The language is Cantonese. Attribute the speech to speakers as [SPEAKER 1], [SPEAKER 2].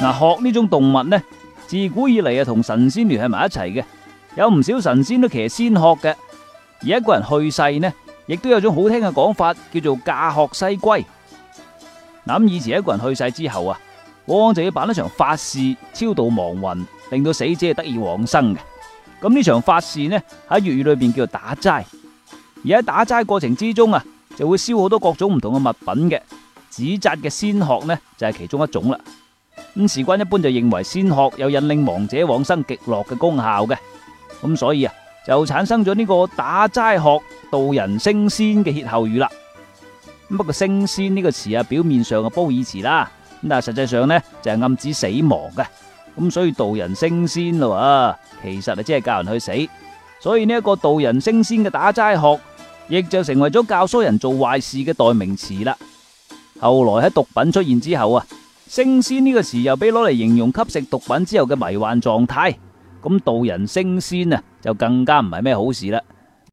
[SPEAKER 1] 嗱，鶴呢種動物呢，自古以嚟啊，同神仙聯繫埋一齊嘅，有唔少神仙都騎仙鶴嘅。而一個人去世呢，亦都有種好聽嘅講法，叫做駕鶴西歸。嗱，以前一個人去世之後啊，往往就要辦一場法事，超度亡魂，令到死者得以往生嘅。咁呢場法事呢，喺粵語裏邊叫做打齋。而喺打齋過程之中啊，就會燒好多各種唔同嘅物品嘅，紙紮嘅仙鶴呢，就係、是、其中一種啦。咁事關一般就認為仙鶴有引領亡者往生極樂嘅功效嘅，咁所以啊，就產生咗呢個打齋鶴度人升仙嘅歇後語啦。不過升仙呢個詞啊，表面上係褒義詞啦，咁但係實際上呢，就係暗指死亡嘅，咁所以度人升仙咯，其實啊，即係教人去死。所以呢一個度人升仙嘅打齋鶴，亦就成為咗教唆人做壞事嘅代名詞啦。後來喺毒品出現之後啊。升仙呢個詞又俾攞嚟形容吸食毒品之後嘅迷幻狀態，咁度人升仙啊，就更加唔係咩好事啦。